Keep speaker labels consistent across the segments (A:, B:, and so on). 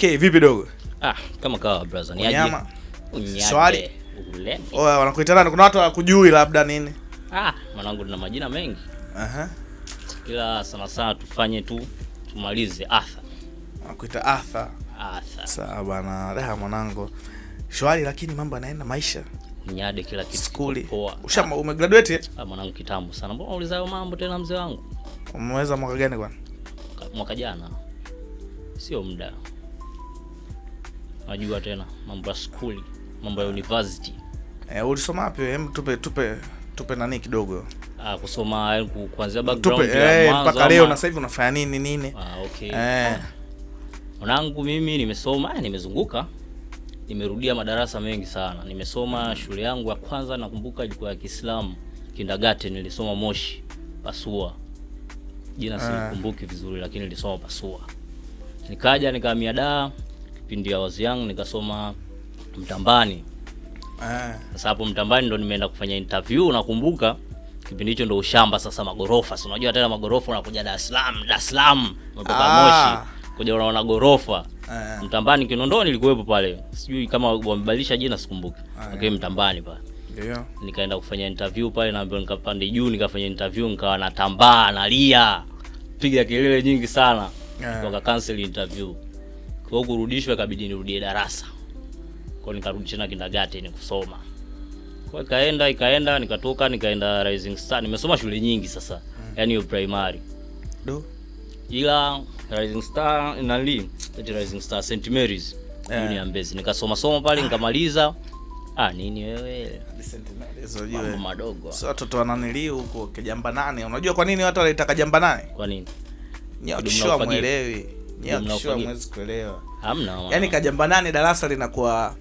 A: Okay, vipi dogo?
B: Ah, kama kawa brother. Ni aje? Swali.
A: Oya, wanakuita nani? Kuna watu hawakujui labda nini?
B: Ah, mwanangu tuna majina mengi. Aha. Ila sana sana tufanye tu tumalize Arthur.
A: Wanakuita Arthur. Arthur. Sawa bana, raha mwanangu. Shwari lakini mambo yanaenda maisha.
B: Unyade kila kitu.
A: Skuli. usha Ushama ah. umegraduate?
B: Ah, mwanangu kitambo sana. Mbona uliza hayo mambo tena mzee wangu?
A: Umeweza mwaka gani bwana?
B: Mwaka jana. Sio muda. Najua tena mambo ya skuli, mambo ya university.
A: Eh, ulisoma wapi? Hem, tupe tupe tupe nani kidogo.
B: Ah, kusoma eh, kuanzia background
A: tupe, ya eh, mpaka leo na sasa hivi unafanya nini nini? Ah, okay. Eh.
B: Mwanangu mimi nimesoma, eh, nimezunguka. Nimerudia madarasa mengi sana. Nimesoma shule yangu ya kwanza nakumbuka ilikuwa ya Kiislamu. kindagate nilisoma Moshi Pasua. Jina eh. sikumbuki vizuri lakini nilisoma Pasua. Nikaja nikaamia daa pindi ya wazi yangu nikasoma Mtambani. Ah. Sasa hapo Mtambani ndo nimeenda kufanya interview, nakumbuka kipindi hicho ndo ushamba sasa magorofa. Si unajua tena magorofa unakuja Dar es Salaam, Dar es Salaam unatoka ah. Moshi. Kuja unaona gorofa. ah. Mtambani Kinondoni ilikuwepo pale. Sijui kama wamebadilisha jina sikumbuki. ah, Okay, Mtambani pale. Ndio. Nikaenda kufanya interview pale na ambapo nikapande juu nikafanya interview nikawa natambaa nalia. Piga kelele nyingi sana. yeah. Waka cancel interview. Kwa hiyo kurudishwa ikabidi nirudie darasa. Kwa hiyo nikarudi tena kindergarten kusoma. Kwa hiyo ikaenda ikaenda nikatoka nikaenda Rising Star. Nimesoma shule nyingi sasa. Mm. Yaani hiyo primary. Do. Ila Rising Star nali, eti Rising Star St Mary's yeah. Union Mbezi. Nikasoma soma pale nikamaliza. Ah, nini wewe? Yaani Mambo madogo.
A: Sasa watoto wananili huko kijamba nane. Unajua kwa nini watu wanaitaka jamba nane? Kwa nini? Nyote mwelewi. muelewi hamwezi kuelewa.
B: Hamna.
A: Kajamba nane darasa linakuwa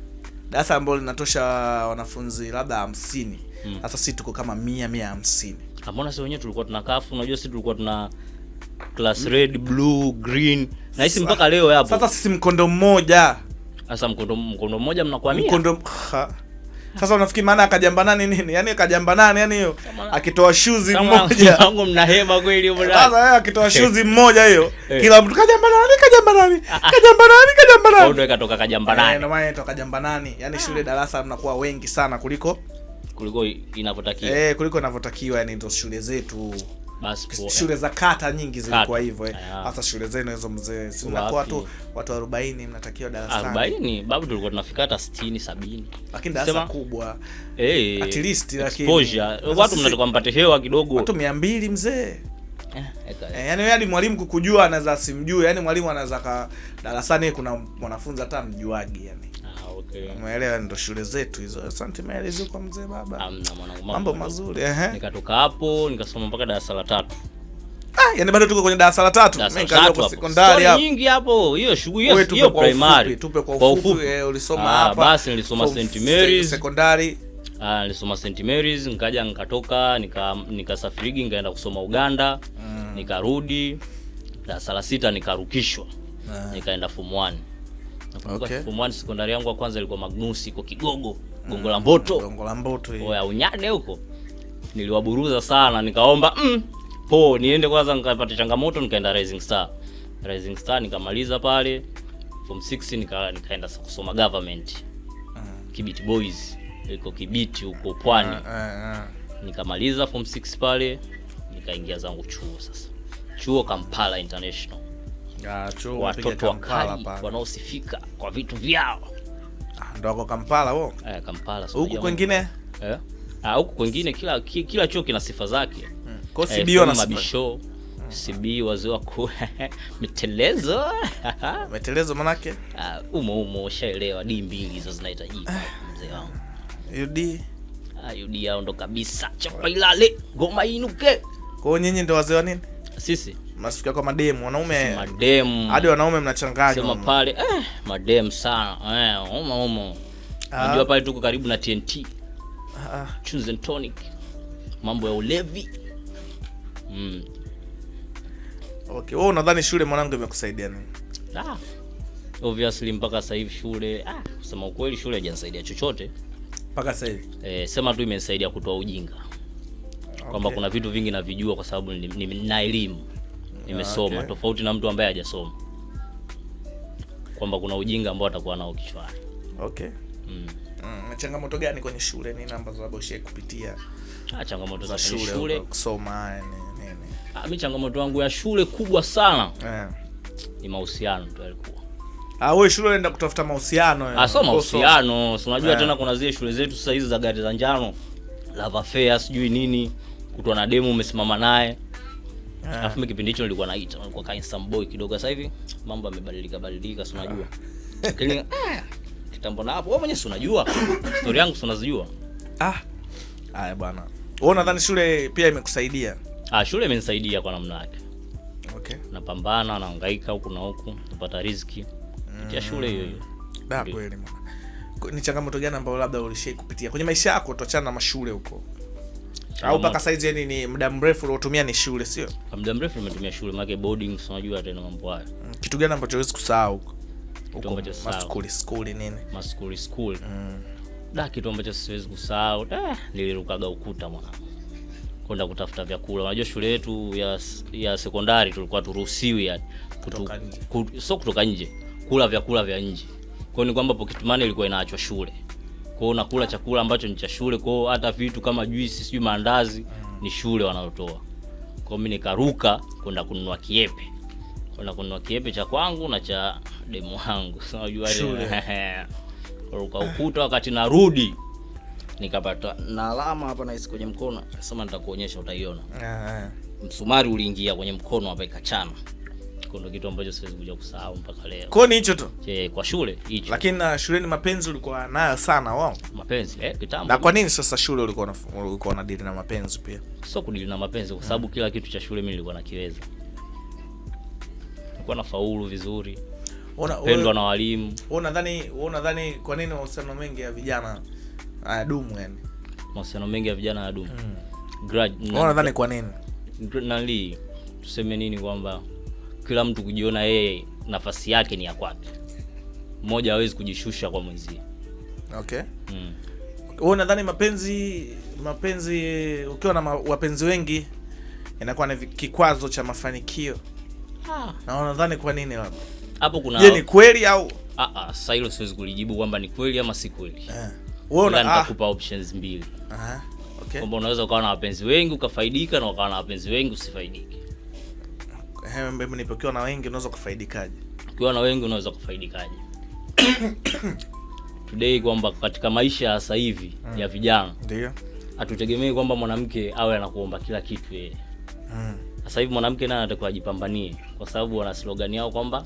A: darasa ambalo linatosha wanafunzi labda hamsini. Hmm. Sasa mm. si tuko kama mia mia hamsini.
B: Ambona ah, sisi wenyewe tulikuwa tuna kafu, unajua sisi tulikuwa tuna class red, blue, green mpaka leo
A: Sasa sisi mkondo mmoja.
B: Sasa mkondo mkondo mmoja Mkondo
A: ha. Sasa unafikiri maana akajambanani nini? Yaani nani yani hiyo. Akitoa shuzi mmoja.
B: Wangu mna hema kweli huko ndani.
A: Sasa yeye akitoa eh. shuzi mmoja hiyo, eh. kila mtu nani? nani? kajambanani, ah, ah. nani? kajambanani. nani?
B: ndio katoka nani. Eh,
A: ndio maana inatoka nani? Yaani ah. shule darasa mnakuwa wengi sana kuliko
B: kuliko inavyotakiwa.
A: Eh, kuliko inavyotakiwa yani ndio shule zetu shule za kata nyingi zilikuwa hivyo eh. Hasa shule zenu hizo mzee, si mnakuwa tu watu 40 mnatakiwa
B: darasani 40, bado tulikuwa tunafika hata 60 70,
A: lakini darasa kubwa eh, hey, at least lakini
B: exposure, watu mnatakiwa mpate hewa kidogo,
A: watu 200 mzee Eh, eh yani hadi mwalimu kukujua anaweza simjue, yani mwalimu anaweza ka darasani kuna mwanafunzi hata mjuagi yani. Okay. Eh. Umeelewa, ndo shule zetu hizo. Asante maelezo kwa mzee baba.
B: Amna mwanangu, Mambo mazuri Ehe. Nikatoka hapo nikasoma mpaka darasa la tatu.
A: Ah, yani bado tuko kwenye darasa la tatu. Mimi nikaanza kwa sekondari
B: hapo. Nyingi hapo. Hiyo shughuli hiyo hiyo primary.
A: Tupe kwa ufupi, Eh, ulisoma ah, hapa.
B: Ah, Basi nilisoma St Mary's.
A: Sekondari.
B: Ah, nilisoma St Mary's, nikaja nikatoka, nika nikasafirigi nikaenda kusoma Uganda. Mm. Nikarudi. Darasa la sita nikarukishwa. Ah. Nikaenda form 1 okay. Form 1 sekondari yangu ya kwanza ilikuwa Magnusi kwa Kigogo, mm, Gongo la Mboto.
A: Gongo la Mboto
B: hiyo. Oya unyade huko. Niliwaburuza sana nikaomba mm, po niende kwanza nikapata changamoto nikaenda Rising Star. Rising Star nikamaliza pale form 6 nika, nikaenda kusoma government. Mm. Kibiti Boys iko Kibiti huko Pwani. Uh, uh, uh. Nikamaliza form 6 pale nikaingia zangu chuo sasa. Chuo Kampala International watoto wakali wanaosifika kwa vitu vyao
A: ah, ndoko Kampala huo eh, Kampala huku so kwengine eh,
B: ah huku kwingine kila kila chuo kina sifa zake hmm.
A: kwa eh, CBO na
B: mabisho CB hmm. wazee wako mitelezo
A: mitelezo manake
B: ah umo umo ushaelewa D mbili hizo zinahitajika mzee
A: wangu UD
B: ah UD yao ndo kabisa chapa ilale ngoma inuke
A: kwa nyinyi ndo wazee wa nini sisi mnasikia kwa mademu wanaume
B: mademu
A: hadi wanaume mnachanganya
B: sema pale eh, mademu sana eh, umo umo unajua ah. pale tuko karibu na TNT ah. ah. Choose and tonic mambo ya ulevi mm.
A: Okay, wewe unadhani shule mwanangu imekusaidia nini?
B: Ah. Obviously mpaka sasa hivi shule, ah, kusema ukweli shule haijanisaidia chochote mpaka sasa hivi. Eh, sema tu imenisaidia kutoa ujinga kwamba okay. kuna vitu vingi navijua kwa sababu ni, na elimu nimesoma, okay. tofauti na mtu ambaye hajasoma, kwamba kuna ujinga ambao atakuwa nao kichwani.
A: Okay. Mm. Mm. changamoto gani kwenye shule nini ambazo labda ushawahi kupitia? Ah, changamoto za shule, shule. kusoma nini?
B: Ah, mimi changamoto yangu ya shule kubwa sana yeah. ni mahusiano tu yalikuwa
A: Ah, wewe shule unaenda kutafuta mahusiano.
B: Ah, sio mahusiano, unajua yeah. tena kuna zile shule zetu sasa hizi za gari za njano love fair sijui nini kutwa na demo umesimama naye ah. alafu yeah. Mimi kipindi hicho nilikuwa naita nilikuwa ka handsome boy kidogo. Sasa hivi mambo yamebadilika badilika, si unajua ah. lakini yeah. kitambo na hapo wewe mwenyewe si unajua story yangu si unazijua.
A: Ah haya bwana, wewe unadhani shule pia imekusaidia?
B: Ah, shule imenisaidia kwa namna yake. Okay, napambana nahangaika huku na huku kupata riziki kupitia mm. shule hiyo hiyo.
A: Da mm. ah, kweli mwana, ni changamoto gani ambayo labda ulishai kupitia kwenye maisha yako, tuachana na mashule huko au mpaka saizi yani ni muda mrefu uliotumia ni shule, sio
B: muda mrefu nimetumia shule, maana boarding, unajua tena mambo hayo.
A: Mm, kitu gani ambacho huwezi kusahau huko maskuli skuli nini,
B: maskuli skuli? mm. Da, kitu ambacho siwezi kusahau da, nilirukaga ukuta mwana kwenda kutafuta vyakula. Unajua shule yetu ya, ya sekondari tulikuwa turuhusiwi yani kutu, kutu, so kutoka nje kula vyakula vya nje, kwa ni kwamba pokitmani ilikuwa inaachwa shule kwao, nakula chakula ambacho ni cha shule kwao, hata vitu kama juisi sijui maandazi ni shule wanaotoa kwao. Mimi nikaruka kwenda kununua kiepe, kwenda kununua kiepe cha kwangu na cha demu wangu, unajua ile ruka ukuta. Wakati narudi nikapata na alama hapa na kwenye mkono, sema nitakuonyesha, utaiona. Msumari uliingia kwenye mkono hapa, ikachana hicho ndo kitu ambacho siwezi kuja kusahau mpaka leo.
A: Kwa ni hicho tu.
B: Je, kwa shule hicho.
A: Lakini na uh, shuleni mapenzi ulikuwa nayo sana wao.
B: Mapenzi eh, kitambo.
A: Na kwa nini sasa shule ulikuwa na ulikuwa na unadili na mapenzi pia?
B: Sio kudili na mapenzi kwa sababu hmm, kila kitu cha shule mimi nilikuwa nakiweza. Nilikuwa nafaulu vizuri. Ona Pendwa na walimu. Wewe
A: unadhani wewe unadhani kwa nini mahusiano mengi ya vijana hayadumu yani?
B: Mahusiano mengi ya vijana hayadumu.
A: Hmm. Grad. Wewe unadhani kwa nini?
B: Nani? Tuseme nini kwamba kila mtu kujiona yeye nafasi yake ni ya kwake, mmoja awezi kujishusha kwa mwenzie.
A: Okay, mm. Wewe nadhani mapenzi mapenzi, ukiwa na ma, wapenzi wengi inakuwa ni kikwazo cha mafanikio ha. Na unadhani kwa nini labda hapo kuna ni kweli au
B: ah, ah, sa hilo siwezi kulijibu kwamba ni kweli ama si kweli. Eh. Wewe nitakupa ah. options mbili. Aha, okay, kwamba unaweza ukawa na wapenzi wengi ukafaidika na ukawa na wapenzi wengi usifaidike
A: nipokiwa na wengi unaweza kufaidikaje?
B: Ukiwa na wengi unaweza kufaidikaje? Today kwamba katika maisha ya sasa hivi mm. ya vijana ndio hatutegemei kwamba mwanamke awe anakuomba kila kitu yeye mm. Sasa hivi mwanamke naye anatakiwa ajipambanie, kwa sababu wana slogan yao kwamba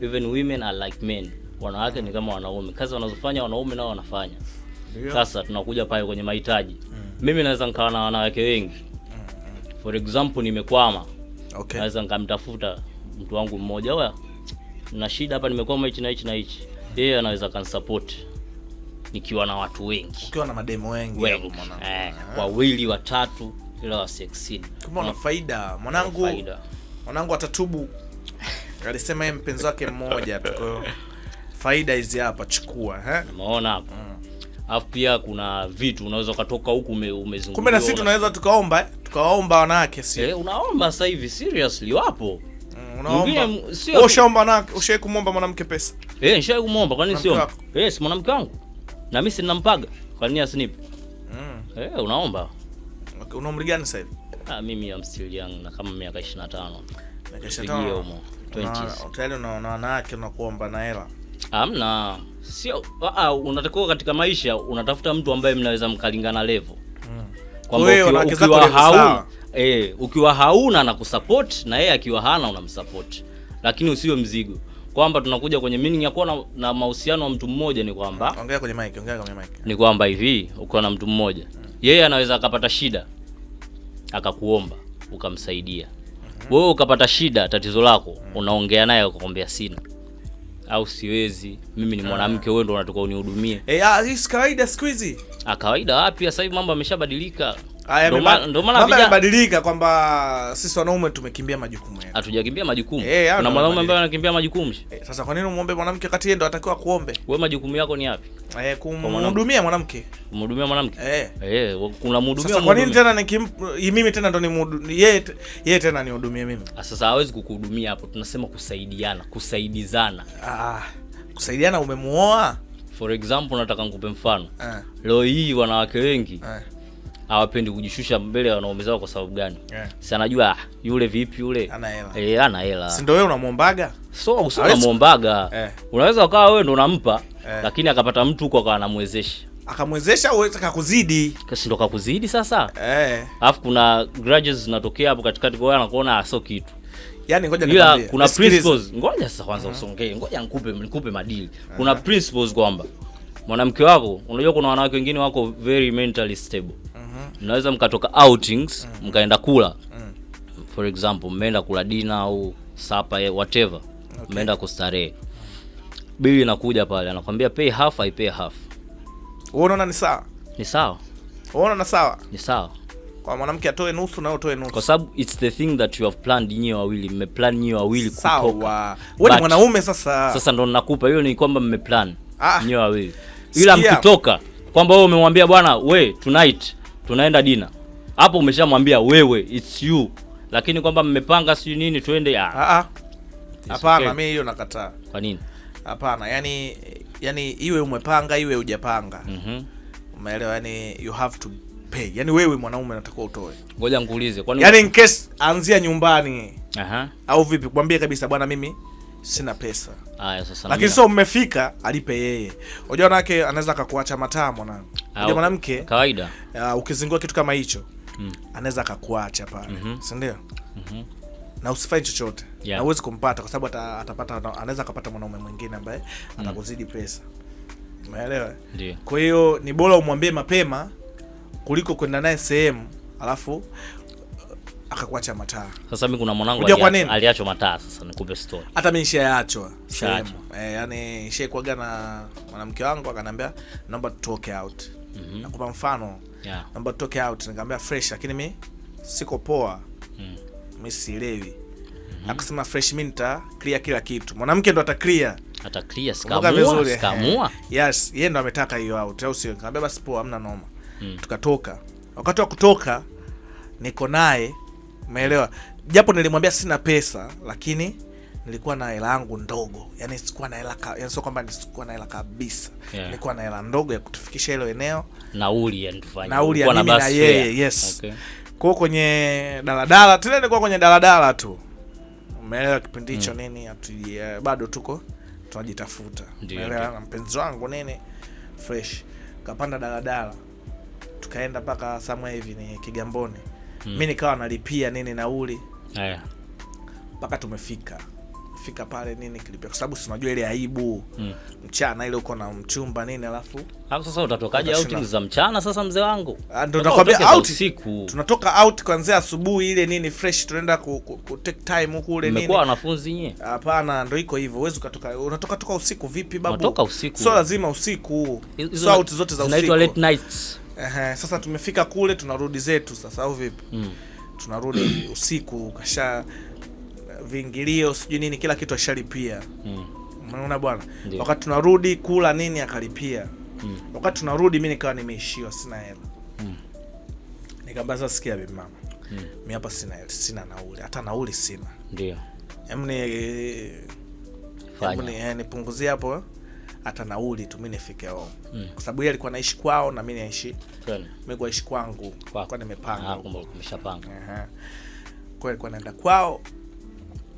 B: even women are like men, wanawake mm. ni kama wanaume. Kazi wanazofanya wanaume nao wanafanya. Dio. Sasa tunakuja pale kwenye mahitaji mm. Mimi naweza nikawa na wanawake wengi mm. mm. For example nimekwama mm okay. Naweza nikamtafuta mtu wangu mmoja, wa na shida hapa, nimekwama hichi na hichi na hichi, yeye anaweza kanisupport nikiwa na watu wengi,
A: ukiwa na mademo wengi,
B: wengi. Eh, eh, wawili watatu, ila wasiexceed.
A: Kama mm. una faida mwanangu, mwanangu atatubu alisema yeye mpenzi wake mmoja tu, kwa hiyo faida hizi hapa chukua, eh,
B: umeona hapo mm. Alafu pia kuna vitu unaweza ukatoka huku umezungumza.
A: Kumbe na sisi tunaweza tukaomba eh? Tukaomba wanawake si.
B: Eh, unaomba sasa hivi seriously wapo.
A: Mm, unaomba. Wewe ushaomba na ushawahi kumwomba mwanamke pesa?
B: Eh, nishawahi kumwomba kwani sio? Eh, si mwanamke wangu. Na mimi sina sinampaga. Kwani asinipe? Mm. Eh, unaomba.
A: Okay, una umri gani sasa hivi?
B: Ah, mimi am still young na kama miaka 25. Miaka 25.
A: 20 Tayari unaona wanawake unakuomba na hela.
B: Hamna sio uh, unatakiwa katika maisha unatafuta mtu ambaye mnaweza mkalingana levo mm. kwamba ukiwa, e, ukiwa hauna na ukiwa hauna na yeye akiwa hana unamsupport, lakini usiwe mzigo kwamba tunakuja kwenye meaning ya kuwa na, na mahusiano wa mtu mmoja ni kwamba mm,
A: ongea kwenye mic, ongea kwenye mic,
B: ni kwamba hivi ukiwa na mtu mmoja mm. yeye anaweza akapata shida akakuomba ukamsaidia, mm -hmm. wewe ukapata shida tatizo lako mm. unaongea naye ukakwambia sina au siwezi, mimi ni ah. mwanamke, wewe ndo unatoka unihudumie.
A: Eh, ah, kawaida siku hizi.
B: Ah, kawaida wapi? Sasa hivi mambo yameshabadilika.
A: Ndio kwamba sisi wanaume tumekimbia majukumu yetu.
B: Hatujakimbia majukumu. Hey, eh, kuna mwanaume ambaye anakimbia majukumu. Hey,
A: eh, sasa kwa nini umuombe mwanamke wakati yeye ndo atakiwa kuombe?
B: Wewe majukumu yako ni yapi?
A: Eh, kumhudumia mwanamke.
B: Kumhudumia mwanamke? Eh. Hey. Eh, hey, kuna mhudumia. Sasa
A: kwa nini tena nikim mimi tena ndo ni yeye yeye tena nihudumie mimi?
B: Ah, sasa hawezi kukuhudumia hapo. Tunasema kusaidiana, kusaidizana.
A: Ah, kusaidiana umemuoa?
B: For example nataka nikupe mfano. Eh. Leo hii wanawake wengi eh hawapendi kujishusha mbele ya wanaume zao kwa sababu gani? Yeah. Si anajua yule vipi yule? Ana hela. Eh, ana hela.
A: Si ndio wewe unamwombaga?
B: So usio unamwombaga. Eh. Unaweza ukawa wewe ndio unampa eh, lakini akapata mtu huko akawa anamwezesha.
A: Akamwezesha au akakuzidi?
B: Kasi ndo akakuzidi sasa. Eh. Alafu kuna grudges zinatokea hapo katikati kwa anakuona ah, sio kitu. Yaani ngoja nikwambie. Kuna principles. Ngoja sasa kwanza uh mhm. -huh. Usongee. Ngoja nikupe nikupe madili. Eh. Kuna uh -huh. principles kwamba mwanamke wako, unajua kuna wanawake wengine wako very mentally stable mnaweza mkatoka outings mm. mkaenda kula, mm. for example mmeenda kula dina au sapa eh, whatever, okay. mmeenda okay. kustarehe, bili inakuja pale, anakwambia pay half, I pay half.
A: Wewe unaona ni sawa? Ni sawa. Wewe unaona sawa? Ni sawa kwa mwanamke atoe nusu na utoe nusu,
B: kwa sababu it's the thing that you have planned nyewe wawili, mmeplan nyewe wawili kutoka.
A: Wewe ni mwanaume sasa.
B: Sasa ndo ninakupa hiyo, ni kwamba mmeplan ah, nyewe wawili, ila mkitoka kwamba wewe umemwambia bwana, we tonight tunaenda dina hapo, umeshamwambia wewe it's you, lakini kwamba mmepanga sijui nini twende.
A: Ah, ah. Hapana, mimi hiyo nakataa. Kwa nini? Hapana, yani yani iwe umepanga iwe hujapanga, mhm. umeelewa? mm -hmm. Yani you have to pay, yani wewe mwanaume natakiwa utoe.
B: Ngoja nikuulize,
A: kwani yani in case anzia nyumbani. Aha. au vipi? Kwambie kabisa bwana, mimi sina pesa. Aya, sasa lakini sio mmefika, alipe yeye. Unajua nake anaweza akakuacha mataa mwanangu ndio mwanamke kawaida. Uh, ukizingua kitu kama hicho mm. anaweza akakuacha pale mm -hmm. si ndio? mm -hmm. na usifanye chochote yeah. na huwezi kumpata kwa sababu atapata, anaweza akapata mwanaume mwingine ambaye mm. atakuzidi pesa, umeelewa? Kwa hiyo ni bora umwambie mapema kuliko kwenda naye sehemu alafu uh, akakuacha mataa.
B: Sasa mimi kuna mwanangu aliachwa mataa, sasa nikupe story.
A: Hata mimi nishaachwa sehemu eh, yani nishaikwaga na mwanamke wangu akaniambia naomba tutoke out -hmm. nakupa mfano yeah. naomba toke out, nikaambia fresh, lakini mi siko poa mm. mi sielewi mm -hmm. akasema fresh, mi nita clear kila kitu. Mwanamke ndo ata clear
B: ata clear, sikamua eh.
A: sikamua yes, yeye ndo ametaka hiyo out, au sio? Nikamwambia basi poa, amna noma mm. tukatoka. Wakati wa kutoka niko naye, umeelewa, japo nilimwambia sina pesa lakini nilikuwa na hela yangu ndogo, yani sikuwa na hela, yani sio kwamba nisikuwa na hela kabisa yeah. Nilikuwa na hela ndogo ya kutufikisha hilo eneo,
B: nauli ya nitufanya
A: nauli ya mimi na yeye, yes okay. Kwa kwenye daladala tena, nilikuwa kwenye daladala tu, umeelewa kipindi hicho mm. Nini atu, uh, eh, bado tuko tunajitafuta, umeelewa na mpenzi wangu nini fresh, kapanda daladala tukaenda mpaka samwe hivi ni Kigamboni mm. Mimi nikawa nalipia nini nauli, yeah. Mpaka tumefika kufika pale nini kilipia, kwa sababu unajua ile aibu mm. mchana ile uko na mchumba nini, alafu
B: hapo sasa utatokaje out za mchana? Sasa mzee wangu,
A: ah, ndio nakwambia out siku tunatoka out kwanza asubuhi ile nini fresh, tunaenda ku, ku, ku take time huko ule nini.
B: Mmekuwa wanafunzi nyie?
A: Hapana, ndio iko hivyo, uwezo ukatoka unatoka toka usiku vipi babu?
B: Unatoka usiku,
A: sio lazima usiku, sio out zote za usiku
B: zinaitwa late nights.
A: Ehe, sasa tumefika kule tunarudi zetu sasa, au vipi? mm. tunarudi usiku kasha viingilio sijui nini, kila kitu ashalipia. Hmm. Unaona mm. bwana, yeah. wakati tunarudi kula nini akalipia mm. wakati tunarudi mi nikawa nimeishiwa, sina hela mm. nikaambia sasa, sikia bibi mama mm. mi hapa sina hela, sina nauli, hata nauli sina, ndio eh, nipunguzie hapo eh. hata nauli tu mi nifike home mm. kwa sababu yeye alikuwa naishi kwao na mi naishi mi kuishi kwangu ah, kwa nimepanga kwa alikuwa naenda kwao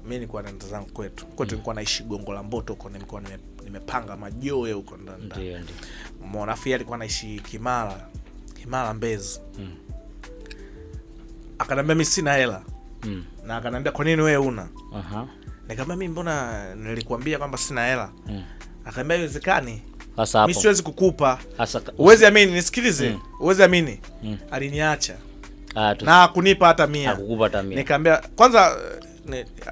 A: mi nilikuwa naenda zangu kwetu kwetu, mm. nikuwa naishi Gongo la Mboto huko, nilikuwa nimepanga nime majoe huko
B: ndani ndani,
A: umeona. alikuwa naishi Kimara, Kimara Mbezi. mm. akanaambia mi sina hela mm. na akanaambia kwa nini wee una uh -huh. nikaambia mi mbona nilikuambia kwamba sina hela mm. akaambia iwezekani mi siwezi kukupa, uwezi amini, nisikilize mm. uwezi amini mm. aliniacha ah, na kunipa hata mia, nikaambia kwanza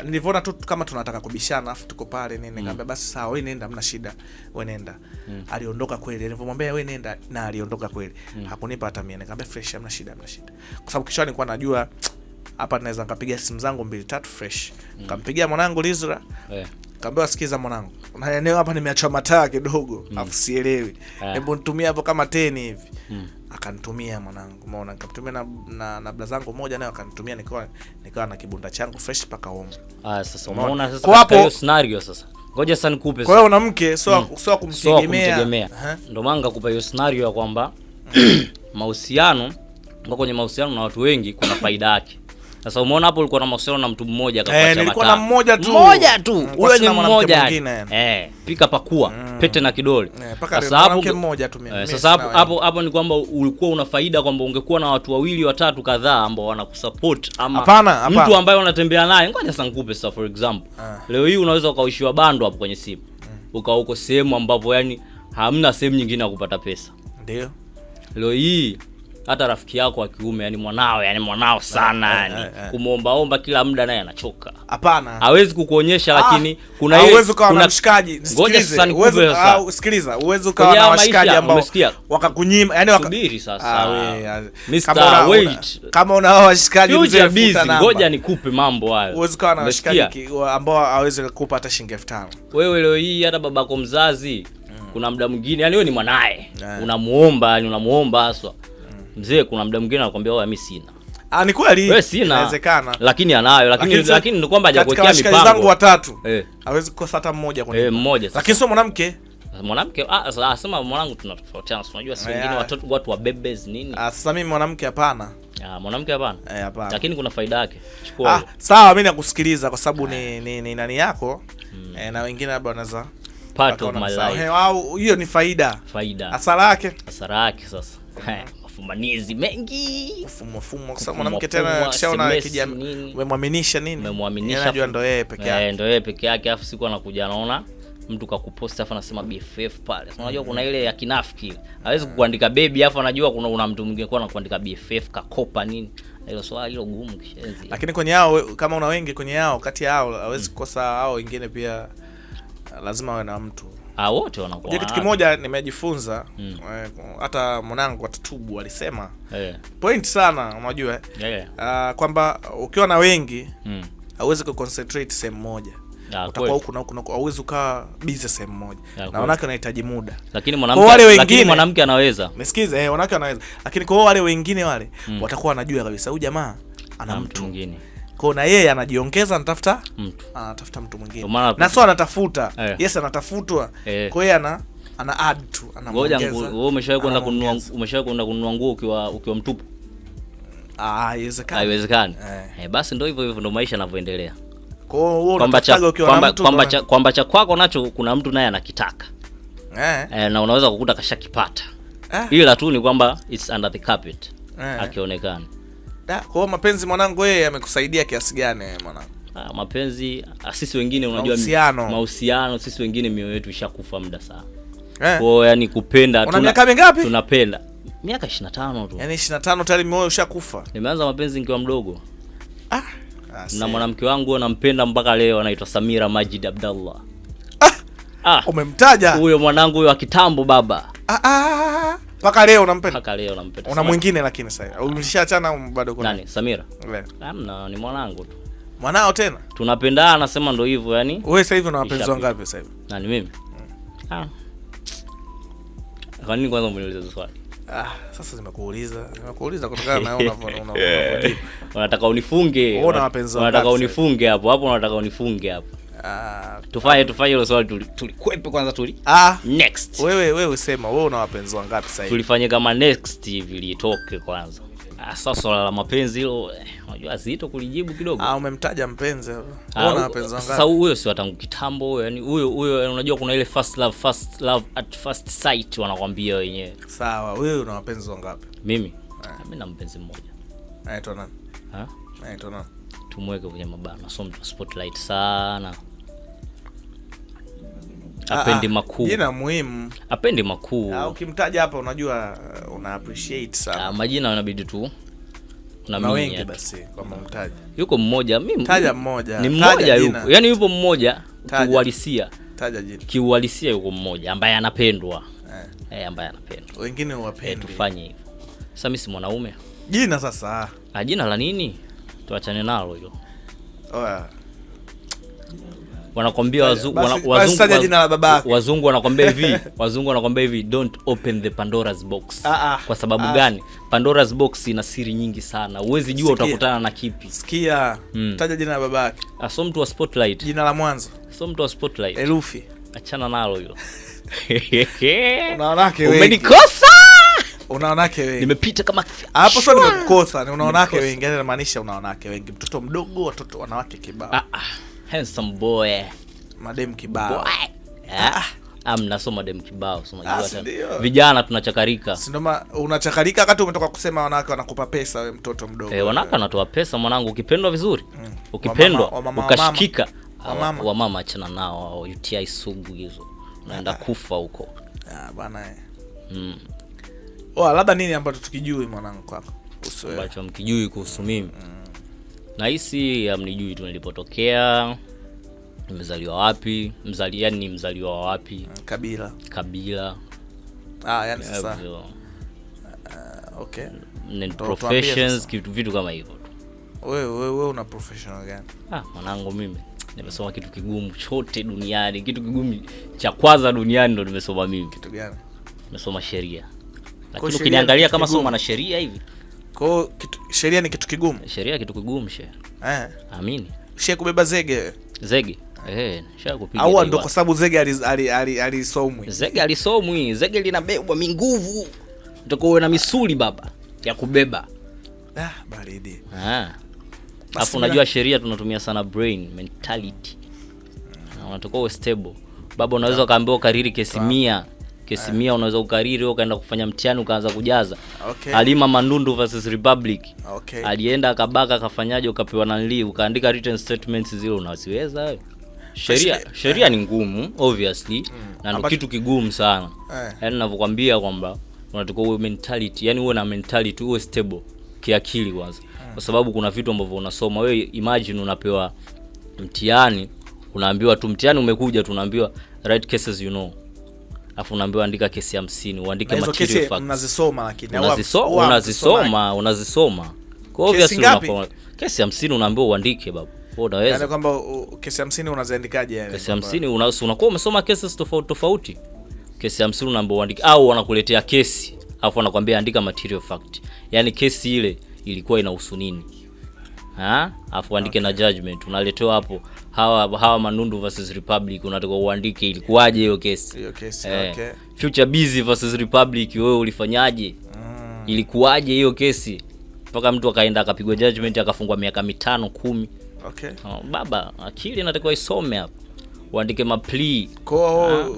A: nilivyoona tu kama tunataka kubishana, afu tuko pale nini, mm. kaambia basi sawa, we nenda, mna shida, we nenda. mm. Aliondoka kweli, nilivyomwambia we nenda, na aliondoka kweli, mm. hakunipa hata mia. nikaambia fresh, hamna shida, hamna shida, kwa sababu kisha nilikuwa najua hapa naweza nikapiga simu zangu mbili tatu fresh. Mm. Nikampigia mwanangu Lizra, yeah kaambia sikiza mwanangu, na eneo hapa nimeachwa mataa kidogo, mm. afu sielewi, eh. hebu yeah. nitumie hapo kama 10 hivi mm akanitumia mwanangu, maona nikamtumia na, na, na bla zangu moja nayo akanitumia, nikawa nikawa na kibunda changu fresh mpaka home.
B: Ah, sasa unaona
A: sasa kwa hiyo
B: scenario sasa, ngoja sasa nikupe. Kwa
A: hiyo una mke so mm, so kumtegemea, so
B: ndio maana nikakupa hiyo scenario ya kwamba mm. mahusiano, kwa kwenye mahusiano na watu wengi kuna faida yake sasa umeona hapo ulikuwa na mahusiano na mtu mmoja
A: akakuacha eh, nilikuwa na mmoja tu.
B: Mmoja tu. Huyo ni mmoja. Eh, pika pakua, mm. pete na kidole.
A: Eh, sasa hapo mmoja tu
B: mimi. Eh, sasa hapo hapo hapo ni kwamba ulikuwa una faida kwamba ungekuwa na watu wawili watatu kadhaa ambao wanakusupport
A: ama apana, apana.
B: Mtu ambaye unatembea naye. Ngoja sasa nikupe sasa for example. Ah. Leo hii unaweza ukaishiwa bando hapo kwenye simu. Mm. Ukao uko sehemu ambapo yani hamna sehemu nyingine ya kupata pesa. Ndio. Leo hii hata rafiki yako wa kiume yani mwanao yani mwanao sana eh, eh, yani yeah, yeah, Kumwombaomba kila muda naye anachoka, hapana, hawezi kukuonyesha ah, lakini
A: kuna ile uwezo kwa kuna... mshikaji ngoja sasa nikupe sasa, usikiliza uwezo kwa na mshikaji ambao wakakunyima
B: yani waka... subiri sasa ah, we, eh, Mr. wait
A: kama una hao washikaji
B: mzee, busy, ngoja nikupe mambo hayo.
A: Uwezo kwa na mshikaji ambao hawezi kukupa hata shilingi 5000
B: wewe leo hii hata babako mzazi mm. Kuna muda mwingine yani wewe ni mwanae yeah. Unamuomba yani unamuomba haswa mzee, kuna mda mwingine anakuambia wewe, mimi sina. Ah, ni kweli. Inawezekana. Lakini anayo, lakini lakini, lakini ni kwamba hajakuwekea
A: mipango. Katika zangu watatu. Eh. Hawezi kukosa hata mmoja kwa nini? Eh, mmoja. Lakini sio mwanamke.
B: Mwanamke ah, asema mwanangu, tunatofautiana. Unajua si wengine watoto watu wa bebes nini?
A: Ah, sasa mimi mwanamke hapana.
B: Ah, mwanamke hapana. Eh, hapana. Lakini kuna faida yake.
A: Chukua. Ah, sawa, mimi nakusikiliza kwa sababu ni, ah. ni ni nani yako? Hmm. Eh, na wengine labda wanaweza
B: part of my life.
A: Hiyo ni faida. Faida. Hasara yake.
B: Hasara yake sasa. Hmm kufumanizi mengi
A: mfumo mfumo, kwa sababu mwanamke tena kishaona kijana umemwaminisha nini,
B: umemwaminisha unajua,
A: ndo yeye peke yake,
B: eh, ndo yeye peke yake, afu siku anakuja anaona mtu kakuposti afu anasema BFF pale. Sasa unajua kuna ile ya kinafiki, hawezi mm. kukuandika baby afu anajua kuna una mtu mwingine kwa anakuandika BFF kakopa nini. Hilo swali hilo gumu
A: kishenzi. Lakini kwenye hao kama una wengi kwenye hao kati ya hao hawezi mm. kukosa hao wengine pia lazima awe na mtu
B: Ah, wote wanakuwa.
A: kitu kimoja nimejifunza hmm. eh, hata mm. mwanangu atatubu alisema yeah. point sana unajua yeah. Eh? Eh. uh, kwamba ukiwa na wengi mm. kuconcentrate sehemu moja ah, utakuwa huku na huku, hauwezi busy sehemu moja, na wanawake wanahitaji muda.
B: Lakini mwanamke wale wengine, mwanamke anaweza,
A: nisikize eh, wanawake wanaweza, lakini kwa wale wengine wale mm. watakuwa wanajua kabisa huyu jamaa ana mtu mwingine kwa na yeye anajiongeza, anatafuta mtu, anatafuta mtu mwingine, na sio anatafuta yeah. Yes, anatafutwa yeah. Kwa hiyo ana ana add tu,
B: anaongeza. Wewe umeshawahi kwenda kununua, umeshawahi kwenda kununua nguo ukiwa ukiwa mtupu?
A: Ah, haiwezekani,
B: haiwezekani eh. eh basi ndio hivyo hivyo, ndio maisha yanavyoendelea,
A: kwamba
B: cha kwamba cha kwako nacho kuna mtu naye anakitaka eh. Eh, na unaweza kukuta kashakipata eh. Ila tu ni kwamba it's under the carpet eh, akionekana
A: Da, kwa hiyo mapenzi mwanangu, yeye yamekusaidia kiasi gani eh, mwanangu?
B: Ah, mapenzi ah, sisi wengine
A: unajua mahusiano,
B: mahusiano sisi wengine mioyo yetu ishakufa muda sana. Eh. Kwa hiyo yani kupenda
A: tuna miaka mingapi?
B: Tunapenda. Miaka 25 tu.
A: Yaani 25 tayari mioyo ishakufa.
B: Nimeanza mapenzi nikiwa mdogo.
A: Ah. Asi. Ah, na mwanamke wangu anampenda mpaka leo anaitwa Samira Majid Abdallah. Ah. Ah. Umemtaja? Huyo mwanangu huyo wa kitambo baba. Ah ah. ah Paka leo unampenda? Paka leo nampenda. Una mwingine lakini sasa. Ulishachana au bado kuna? Nani? Samira. Hamna, ni mwanangu tu. Mwanao tena? Tunapendana nasema ndio hivyo yani. Wewe sasa hivi una wapenzi wangapi sasa hivi? Nani mimi? Hmm. Ah. Kwa nini kwanza umeniuliza swali? Ah, sasa nimekuuliza. Nimekuuliza kutokana na unataka unifunge. Unataka unifunge hapo. Hapo unataka unifunge hapo. Uh, tufanye tufanye hilo swali tulikwepe kwanza tuli ah, next. Wewe wewe sema wewe una wapenzi wangapi sasa hivi? Tulifanye kama next hivi litoke kwanza. Ah, sasa swala la mapenzi hilo eh, unajua zito kulijibu kidogo. Ah, umemtaja mpenzi wewe ah, Una wapenzi wangapi? Sasa huyo si watangu kitambo huyo, yani huyo huyo, unajua kuna ile first love, first love at first sight wanakuambia wenyewe. Sawa, wewe una wapenzi wangapi? Mimi ah. mimi na mpenzi mmoja. Anaitwa nani? Ha? Anaitwa nani? Tumweke kwenye mabano, so mtu spotlight sana. Ah, apendi ah, makuu. Jina muhimu. Apendi makuu. Ah, ukimtaja hapa unajua uh, una appreciate sana. Majina yanabidi tu na wengi basi kama mtaja. Yuko mmoja mimi. Taja mmoja. Ni mmoja yuko. Yaani yupo mmoja kiuhalisia. Taja jina. Kiuhalisia yuko mmoja ambaye anapendwa. Eh, eh ambaye anapendwa. Wengine huwapendi. Eh, tufanye hivyo. Sasa mimi si mwanaume. Jina sasa. Ah, jina la nini? Tuachane nalo hilo. Oya wanakwambia wazungu wazungu wanakwambia hivi wazungu wanakwambia hivi don't open the Pandora's box. ah, ah, Kwa sababu ah. gani? Pandora's box ina siri nyingi sana, huwezi jua utakutana na kipi. Sikia, hmm. taja jina la babake. Ah, so mtu wa spotlight, jina la mwanzo. So mtu wa spotlight, elufi Achana nalo hilo. Umenikosa. Unawanawake wengi nimepita kama hapo sio nimekukosa, ni unawanawake wengi, yani inamaanisha unawanawake wengi, mtoto mdogo, watoto wanawake kibao. ah, ah handsome boy. Madem kibao. Ah, amna ah, ah. ah, so madem kibao, so unajua vijana tunachakarika. Si unachakarika wakati umetoka kusema wanawake wanakupa pesa we mtoto mdogo. Eh, wanawake eh. wanatoa pesa mwanangu, ukipendwa vizuri. Mm. Ukipendwa ukashikika. Wamama wa mama achana nao UTI sugu hizo. Unaenda kufa huko. Ah, bwana eh. Mm. Oh, labda nini ambacho tukijui mwanangu kwako? Kuhusu wewe. Ambacho mkijui kuhusu mimi. Mm nahisi amnijui um, tu nilipotokea, nimezaliwa wapi, mzali yani ni mzaliwa wa wapi, kabila kabila. Ah, yani sasa uh, okay, professions kitu vitu kama hivyo tu. Wewe wewe una professional gani? Ah, mwanangu mimi nimesoma kitu kigumu chote duniani, kitu kigumu cha kwanza duniani ndo nimesoma mimi. Kitu gani? Nimesoma sheria, lakini ukiniangalia kama sio na sheria hivi kwao hiyo sheria ni kitu kigumu, sheria kitu kigumu she eh. Amini she kubeba zege zege eh, sha kupiga au ndo kwa sababu zege alisomwi ali, ali, ali zege alisomwi zege linabebwa minguvu, utakuwa uwe na misuli baba ya kubeba ah, baridi ah. Afu unajua sheria tunatumia sana brain mentality, unatakuwa mm. uwe stable baba, unaweza ukaambiwa ukariri kesi mia kesi mia Unaweza ukariri ukaenda kufanya mtihani ukaanza kujaza okay. alima Mandundu versus Republic okay. Alienda akabaka akafanyaje, ukapewa nanli ukaandika written statements zile unaziweza sheria sheria eh. ni ngumu obviously mm. na ni kitu kigumu sana yeah. Yani ninavyokwambia kwamba unatakiwa uwe mentality, yani uwe na mentality, uwe stable kiakili kwanza mm. kwa sababu kuna vitu ambavyo unasoma wewe. Imagine unapewa mtihani unaambiwa tu mtihani umekuja, tunaambiwa right cases you know afu unaambiwa andika kesi hamsini uandike material facts unazisoma, lakini unazisoma unazisoma unazisoma kwa unapo kesi hamsini unaambiwa uandike baba yaani kwamba kesi kesi unakuwa umesoma kesi tofauti tofauti, kesi hamsini unaambiwa uandike, au wanakuletea kesi afu wanakwambia andika material fact, yani kesi ile ilikuwa inahusu nini, ha? afu andike okay, na judgment unaletewa hapo hawa hawa Manundu versus Republic, unataka uandike ilikuwaje hiyo kesi hiyo kesi eh, okay. Future Busy versus Republic, wewe ulifanyaje? mm. Ilikuwaje hiyo kesi mpaka mtu akaenda akapigwa judgment akafungwa miaka mitano kumi. Okay. Oh, baba akili inatakiwa isome hapo. uandike ma plea. kwa ah.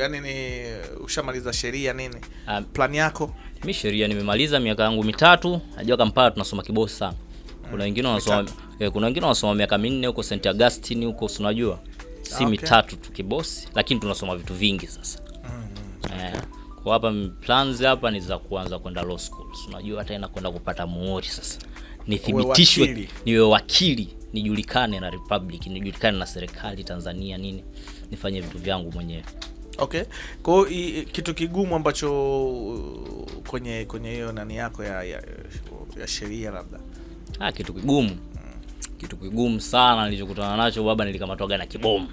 A: yani ni ushamaliza sheria nini? Um, plan yako? Mimi sheria nimemaliza miaka yangu mitatu. Najua Kampala tunasoma kibosi sana, kuna wengine wanasoma E, kuna wengine wanasoma miaka minne huko St Augustine huko, unajua si ah, okay, mitatu tu kibosi, lakini tunasoma vitu vingi sasa mm -hmm. E, kwa hapa plans hapa ni za kuanza kwenda law school, unajua hata ina kwenda kupata muori sasa, nithibitishwe niwe wakili nijulikane na republic nijulikane na serikali Tanzania nini, nifanye vitu vyangu mwenyewe. Okay, kwa hiyo kitu kigumu ambacho kwenye kwenye hiyo nani yako ya, ya, ya sheria labda, ah, kitu kigumu kitu kigumu sana nilichokutana nacho baba, nilikamatwaga na kibomu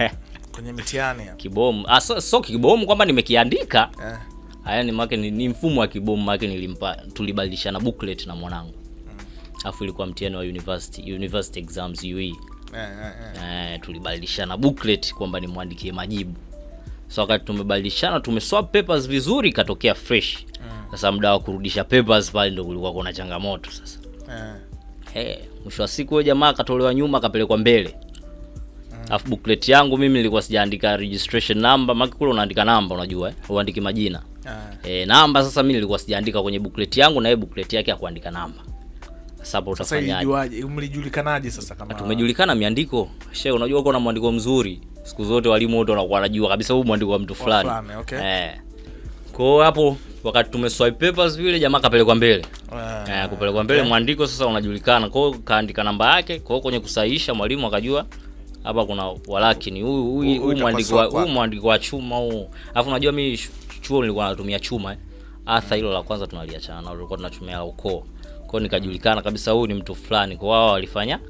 A: mm. kwenye mitihani kibomu. Ah, so, so kibomu kwamba nimekiandika eh. Haya ni make ni, ni mfumo wa kibomu make nilimpa, tulibadilishana booklet na mwanangu mm. Afu ilikuwa mtihani wa university university exams UE eh, eh, eh. Eh, tulibadilishana booklet kwamba nimwandikie majibu so wakati tumebadilishana tumeswap papers vizuri, katokea fresh mm. Sasa muda wa kurudisha papers pale ndio kulikuwa kuna changamoto sasa eh eh, mwisho wa siku yule jamaa akatolewa nyuma akapelekwa mbele. Alafu booklet yangu mimi nilikuwa sijaandika registration number, maki kule unaandika namba unajua eh, uandiki majina. Eh, namba sasa mimi nilikuwa sijaandika kwenye booklet yangu na yeye booklet yake hakuandika namba. Sasa hapo utafanyaje? Mlijulikanaje sasa kama? Ah, tumejulikana miandiko. she unajua uko na mwandiko mzuri. Siku zote walimu wote wanakuwa wanajua kabisa huu mwandiko wa mtu fulani. Okay. Eh. Kwa hapo wakati swipe papers vile, jamaa kapelekwa mbele ah, eh, kupelekwa mbele okay. Mwandiko sasa unajulikana, kwa hiyo kaandika namba yake, kwa hiyo kwenye kusahihisha mwalimu akajua hapa kuna walakini, huyu huyu mwandiko huyu mwandiko wa chuma huu. Alafu unajua mimi chuo nilikuwa natumia chuma eh. Hata hilo la kwanza tunaliachana nalo, tulikuwa tunatumia ukoo, kwa hiyo nikajulikana kabisa huyu ni mtu fulani, kwa wao walifanya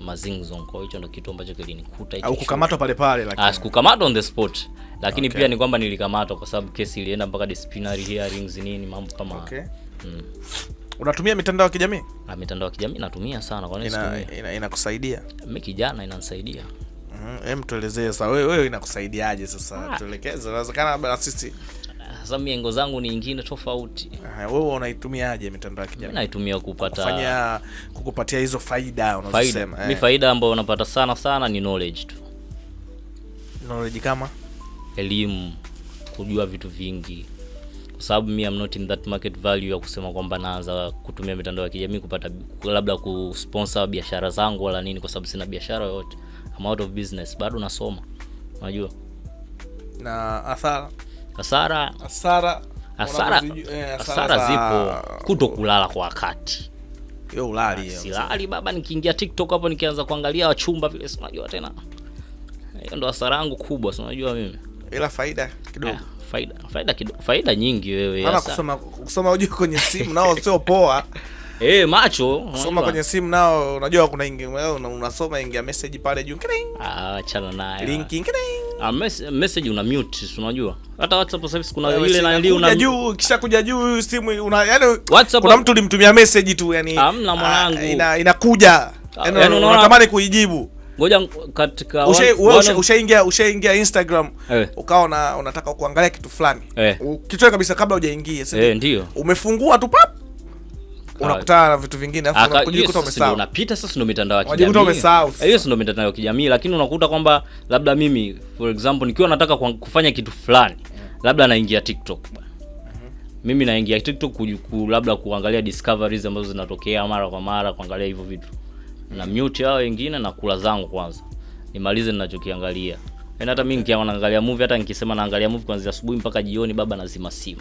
A: mazingzong. Kwa hicho ndo kitu ambacho kilinikuta hicho. Au kukamatwa pale pale lakini. Ah, sikukamatwa on the spot. Lakini okay. Pia ni kwamba nilikamatwa kwa sababu kesi ilienda mpaka disciplinary hearings nini mambo kama. Okay. Mm. Unatumia mitandao ya kijamii? Ah, mitandao ya kijamii natumia sana kwa nini situmia? Inakusaidia? Ina, ina mimi kijana inanisaidia. Mhm, mm, hem tuelezee sasa wewe wewe inakusaidiaje sasa? Ah. Tuelekeze, inawezekana labda sisi sababu miengo zangu ni nyingine tofauti. Wewe unaitumiaje mitandao ya kijamii? Naitumia kupata kufanya kukupatia hizo faida unazosema. Faida, eh. mi faida ambayo unapata sana sana ni knowledge tu. Knowledge kama elimu, kujua vitu vingi kwa sababu mi I'm not in that market value ya kusema kwamba naanza kutumia mitandao ya kijamii kupata labda kusponsor biashara zangu wala nini, kwa sababu sina biashara yoyote, I'm out of business, bado nasoma, unajua na athara hasara hasara hasara zipo, kuto kulala kwa wakati. Silali baba, nikiingia TikTok hapo nikianza kuangalia wachumba vile, sinajua tena, hiyo ndo hasara yangu kubwa, sinajua mimi, ila faida kidogo yeah. Faida faida kidogo, faida nyingi wewe. Kusoma ujue kwenye simu nao sio poa. Eh, hey, macho soma kwenye simu nao, unajua kuna ingi, unasoma ingia message pale juu. kring. Ah, achana naye. Linking. Ah, message una mute, si unajua? Hata WhatsApp service kuna yeah, ile na ndio una juu, kisha kuja juu simu una yani WhatsApp kuna mtu ulimtumia message tu yani. Hamna ah, mwanangu. Ina inakuja. Ah, yani, Yaani unatamani kuijibu. Ngoja katika ushaingia ushaingia Instagram eh, ukawa una, unataka kuangalia kitu fulani. Eh. kitoe kabisa kabla hujaingia, sasa eh, ndio? Umefungua tu pap unakutana na vitu vingine Unapita sasa ndo mitandao ya kijamii. Eh, hiyo ndo mitandao ya kijamii, lakini unakuta kwamba labda mimi for example nikiwa nataka kufanya kitu fulani labda naingia TikTok mhm. Mimi naingia TikTok kujuku, labda kuangalia discoveries ambazo zinatokea mara kwa mara, kuangalia hivyo vitu. Na mute hao wengine na kula zangu kwanza. Nimalize ninachokiangalia. Yaani hata mimi nikiwa naangalia movie, hata nikisema naangalia movie kuanzia asubuhi mpaka jioni, baba nazima simu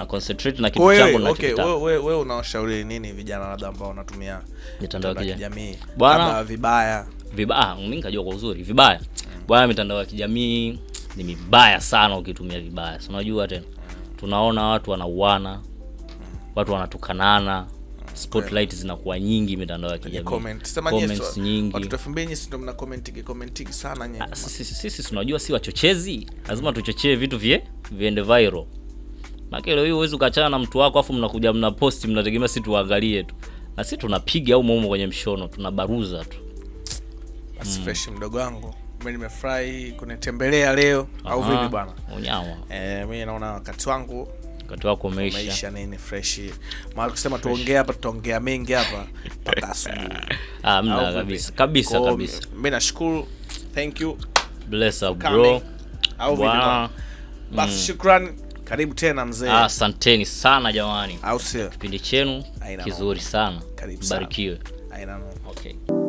A: na concentrate na kitu changu na okay. Wewe wewe wewe unawashauri nini vijana labda ambao wanatumia mitandao ya kijamii bwana, vibaya vibaya? Ah, mimi nikajua kwa uzuri vibaya mm. Bwana, mitandao ya kijamii ni mibaya sana ukitumia vibaya, si unajua tena mm. Tunaona watu wanauana mm. Watu wanatukanana mm. spotlight yeah, zinakuwa nyingi mitandao ya kijamii Comment. comments, comments nyingi. Watu elfu nyinyi ndio mna comment ki comment sana nyinyi. Ah, sisi sisi tunajua si wachochezi, lazima tuchochee vitu vie viende viral maana leo hii huwezi ukaachana na mtu wako afu mnakuja mna mnaposti mnategemea sisi tuangalie tu. Na sisi tunapiga au mumo kwenye mshono, tunabaruza tu. Basi mm. Fresh mdogo wangu. Mimi nimefurahi kunitembelea leo Aha, au vipi bwana? Unyawa. Eh, mimi naona wakati wangu wakati wako umeisha. Umeisha nini fresh. Mara kusema tuongee hapa tutaongea mengi hapa mpaka asubuhi. Ah, mna kabisa. Kabisa kabisa. Mimi nashukuru. Thank you. Bless up bro. Eh. Au vipi bwana? Bas mm. shukrani karibu tena mzee. Ah, asanteni ah, sana jamani, au sio? Kipindi chenu kizuri sana, Karibu sana. barikiwe. Aina Okay.